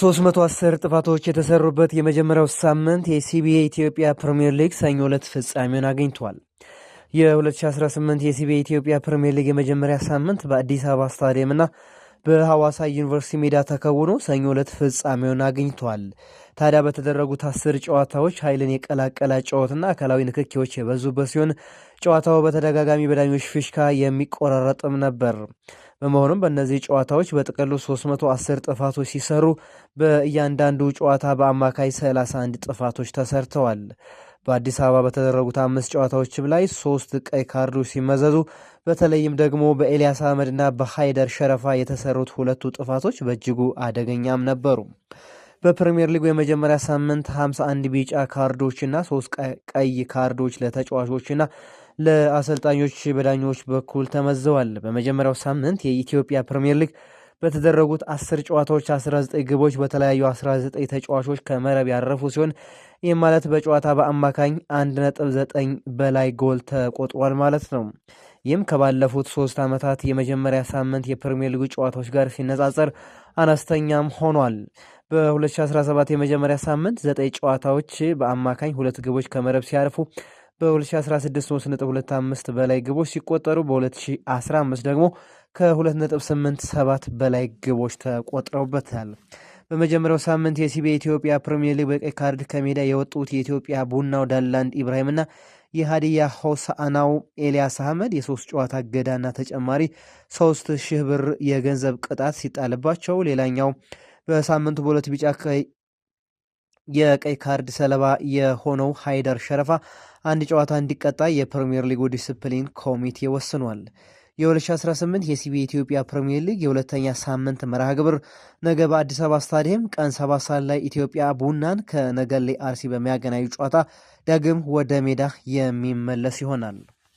310 ጥፋቶች የተሰሩበት የመጀመሪያው ሳምንት የሲቢኤ ኢትዮጵያ ፕሪምየር ሊግ ሰኞ ዕለት ፍጻሜውን አግኝቷል። የ2018 የሲቢኤ ኢትዮጵያ ፕሪምየር ሊግ የመጀመሪያ ሳምንት በአዲስ አበባ ስታዲየምና በሐዋሳ ዩኒቨርሲቲ ሜዳ ተከውኖ ሰኞ ዕለት ፍጻሜውን አግኝቷል። ታዲያ በተደረጉት አስር ጨዋታዎች ኃይልን የቀላቀለ ጨዋታና አካላዊ ንክኪዎች የበዙበት ሲሆን ጨዋታው በተደጋጋሚ በዳኞች ፊሽካ የሚቆራረጥም ነበር። በመሆኑም በእነዚህ ጨዋታዎች በጥቅሉ 310 ጥፋቶች ሲሰሩ በእያንዳንዱ ጨዋታ በአማካይ 31 ጥፋቶች ተሰርተዋል። በአዲስ አበባ በተደረጉት አምስት ጨዋታዎችም ላይ ሶስት ቀይ ካርዶች ሲመዘዙ በተለይም ደግሞ በኤልያስ አህመድና በሃይደር ሸረፋ የተሰሩት ሁለቱ ጥፋቶች በእጅጉ አደገኛም ነበሩ። በፕሪምየር ሊጉ የመጀመሪያ ሳምንት 51 ቢጫ ካርዶችና ሶስት ቀይ ካርዶች ለተጫዋቾችና ለአሰልጣኞች በዳኞች በኩል ተመዘዋል። በመጀመሪያው ሳምንት የኢትዮጵያ ፕሪምየር ሊግ በተደረጉት 10 ጨዋታዎች 19 ግቦች በተለያዩ 19 ተጫዋቾች ከመረብ ያረፉ ሲሆን ይህም ማለት በጨዋታ በአማካኝ 1.9 በላይ ጎል ተቆጥሯል ማለት ነው። ይህም ከባለፉት ሶስት ዓመታት የመጀመሪያ ሳምንት የፕሪምየር ሊጉ ጨዋታዎች ጋር ሲነጻጸር አነስተኛም ሆኗል። በ2017 የመጀመሪያ ሳምንት ዘጠኝ ጨዋታዎች በአማካኝ ሁለት ግቦች ከመረብ ሲያርፉ በ2016 3.25 በላይ ግቦች ሲቆጠሩ በ2015 ደግሞ ከ2.87 በላይ ግቦች ተቆጥረውበታል። በመጀመሪያው ሳምንት የሲቢ ኢትዮጵያ ፕሪምየር ሊግ በቀይ ካርድ ከሜዳ የወጡት የኢትዮጵያ ቡናው ዳላንድ ኢብራሂምና የሀዲያ ሆሳአናው ኤልያስ አህመድ የሶስት ጨዋታ እገዳና ተጨማሪ ሶስት ሺህ ብር የገንዘብ ቅጣት ሲጣልባቸው ሌላኛው በሳምንቱ በሁለት ቢጫ የቀይ ካርድ ሰለባ የሆነው ሃይደር ሸረፋ አንድ ጨዋታ እንዲቀጣ የፕሪምየር ሊጉ ዲስፕሊን ኮሚቴ ወስኗል። የ2018 የሲቢ ኢትዮጵያ ፕሪምየር ሊግ የሁለተኛ ሳምንት መርሃ ግብር ነገ በአዲስ አበባ ስታዲየም ቀን ሰባት ሰዓት ላይ ኢትዮጵያ ቡናን ከነገሌ አርሲ በሚያገናኙ ጨዋታ ዳግም ወደ ሜዳ የሚመለስ ይሆናል።